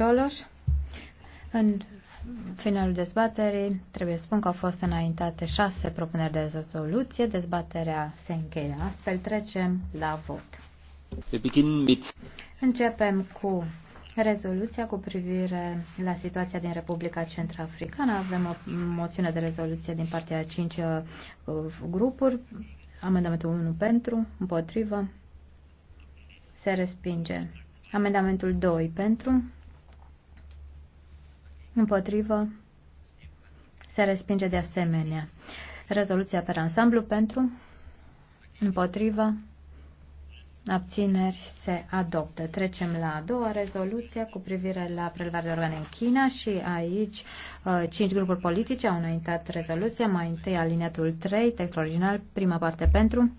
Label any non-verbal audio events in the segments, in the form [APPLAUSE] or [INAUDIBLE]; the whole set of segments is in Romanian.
Cioloș. În finalul dezbaterii trebuie să spun că au fost înaintate șase propuneri de rezoluție. Dezbaterea se încheie. Astfel trecem la vot. Începem cu rezoluția cu privire la situația din Republica Centrafricană. Avem o moțiune de rezoluție din partea cinci uh, grupuri. Amendamentul 1 pentru, împotrivă, se respinge. Amendamentul 2 pentru, Împotrivă. Se respinge de asemenea. Rezoluția pe ansamblu pentru. Împotrivă. Abțineri se adoptă. Trecem la a doua rezoluție cu privire la prelevarea de organe în China și aici uh, cinci grupuri politice au înaintat rezoluția. Mai întâi aliniatul 3, text original, prima parte pentru,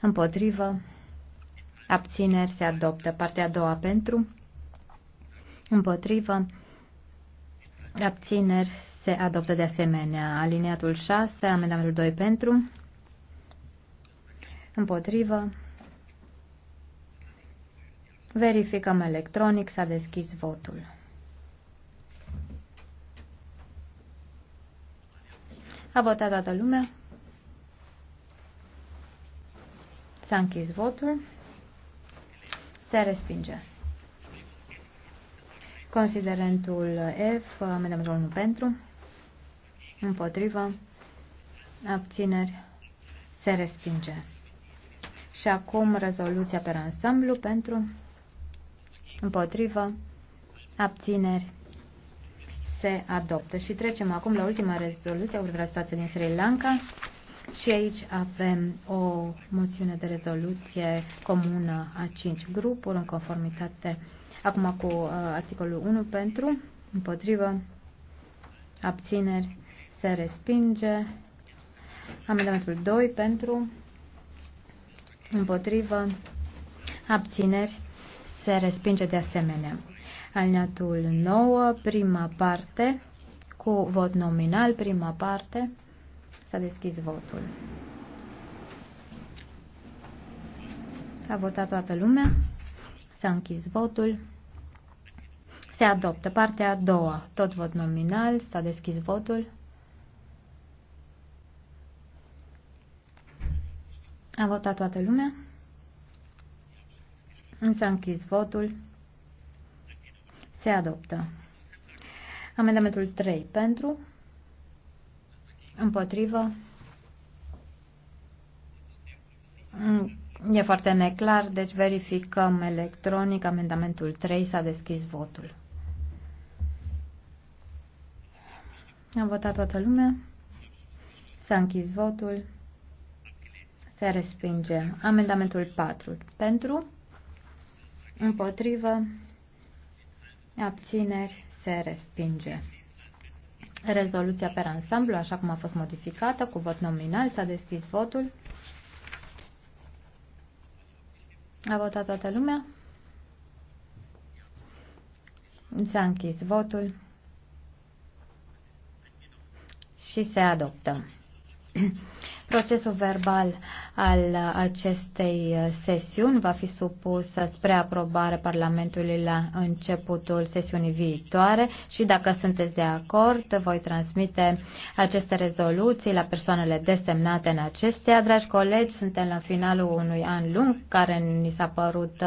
împotrivă, abțineri se adoptă. Partea a doua pentru, împotrivă, Abțineri se adoptă de asemenea. Alineatul 6, amendamentul 2 pentru. Împotrivă. Verificăm electronic, s-a deschis votul. A votat toată lumea. S-a închis votul. Se respinge. Considerentul F, amendamentul 1 pentru, împotrivă, abțineri, se respinge. Și acum rezoluția pe ansamblu pentru, împotrivă, abțineri, se adoptă. Și trecem acum la ultima rezoluție, următoarea situația din Sri Lanka. Și aici avem o moțiune de rezoluție comună a cinci grupuri în conformitate acum cu uh, articolul 1 pentru, împotrivă, abțineri, se respinge. Amendamentul 2 pentru, împotrivă, abțineri, se respinge de asemenea. Alineatul 9, prima parte, cu vot nominal, prima parte, S-a deschis votul. S-a votat toată lumea. S-a închis votul. Se adoptă partea a doua. Tot vot nominal. S-a deschis votul. A votat toată lumea. S-a închis votul. Se adoptă. Amendamentul 3 pentru. Împotrivă. Mm, e foarte neclar, deci verificăm electronic. Amendamentul 3 s-a deschis votul. A votat toată lumea. S-a închis votul. Se respinge. Amendamentul 4. Pentru. Împotrivă. Abțineri. Se respinge. Rezoluția pe ansamblu, așa cum a fost modificată, cu vot nominal, s-a deschis votul. A votat toată lumea. S-a închis votul și se adoptă. [CLEARS THROAT] Procesul verbal al acestei uh, sesiuni va fi supus spre aprobare Parlamentului la începutul sesiunii viitoare și dacă sunteți de acord, voi transmite aceste rezoluții la persoanele desemnate în acestea. Dragi colegi, suntem la finalul unui an lung care ni s-a părut uh,